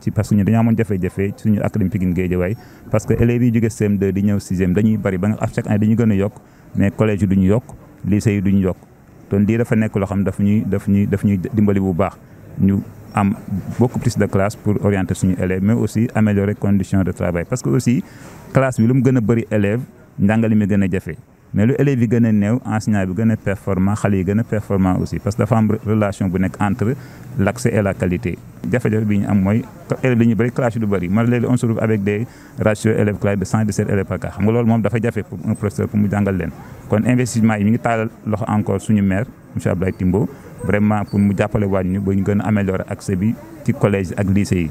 ci parce que ñu dañoo amoon jafe-jafe suñu académie Pikine Guédiawaye parce que élèves yi jóge CM2 di ñëw sixième dañuy bari ba nga chaque année dañuy gëna yok mais collège duñu yok lycée duñu yok donc di dafa nekk lo xam daf ñuy daf ñuy daf ñuy dimbali bu baax ñu am beaucoup plus de classe pour orienter suñu élèves mais aussi améliorer conditions de travail parce que aussi classe bi lu mu gëna bari élèves njàngale mi gëna jafé mais lu élèves yi gën enseignant bi gën performant xale yi performant aussi parce que dafa am relation bu nek entre l'accès et la qualité jafe jafé bi ñu am moy élève dañuy bari clash du bari man léegi on se trouve avec des ratios élèves classe de 117 élèves par cas xam nga lool mom dafa jafé pour un professeur pour mu jangal leen kon investissement yi mi ngi talal loxo encore suñu maire monsieur Abdoulaye Timbo vraiment pour mu jappalé waa ñu ba ñu gën améliorer accès bi ci collège ak lycée yi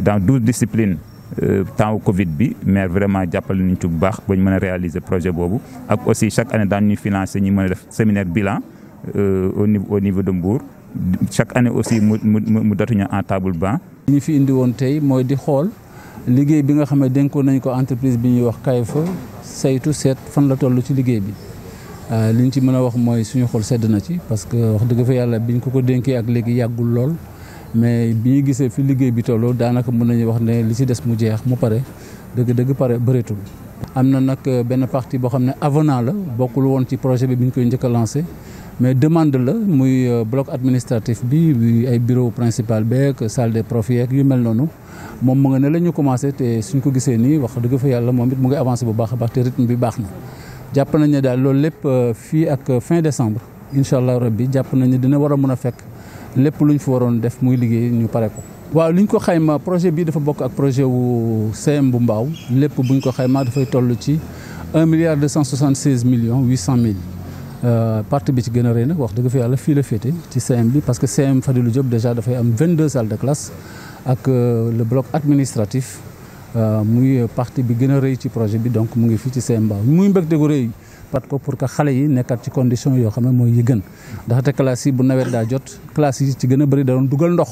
dans 12 disciplines euh, temps au Covid bi mais vraiment jappal nañu ci bu baax ba ñu réaliser projet bobu ak aussi chaque année dans ñuy financer ñu mën def séminaire bilan euh, au niveau au niveau de Mbour chaque année aussi mu mu en table banc. li fi indi won tay moy di xol liggéey bi nga xamé ne dénkoon nañ ko entreprise bi ñuy wax Kayfa saytu set fan la tollu ci liggéey bi euh, liñ ci mën wax moy suñu xol sedd na ci parce que wax dëgg fa yalla biñ ko ko denké ak légui yagul lool mais bi ñu gisee fi liggéey bi tolloo daanaka mën nañu wax ne li ci des mu jeex mu pare dëgg dëgg pare bëreetul. am na nag euh, benn partie boo xam ne avenant la bokkul woon ci projet bi bi ñu koy njëkk a lancé mais demande la muy euh, bloc administratif bi bi ay bureau principal beeg salle des profs yeeg yu mel noonu moom mu nga ne la ñu commencé te suñ ko gisee nii wax dëgg fa yàlla moom it mu ngi avancé bu baax a baax te rythme bi baax na. jàpp nañ ne daal loolu lépp euh, fii ak fin décembre incha allah rabbi jàpp nañ ne dina war a mën a fekk lépp luñ ñu fa waroon def muy liggéey ñu pare ko. waaw li ko xayma projet bi dafa bokk ak projet wu CM bu Mbaaw lépp buñ ñu ko xaymaa dafay toll ci 1 milliard 276 millions huit cent mille. Euh, partie bi ci gën a rëy nag wax dëgg fa yàlla fii la féete ci CM bi parce que CM fadilu job déjà dafay am 22 salles de classe ak euh, le bloc administratif euh, muy parti bi gën a rëy ci projet bi donc mu ngi fii ci CM Mbaaw muy mbégte gu rëy. parce que pour que xale yi nekkaat ci condition yoo xam ne mooy yi gën ndaxte classe yi bu nawet daa jot classe yi ci gën a bëri da doon dugal ndox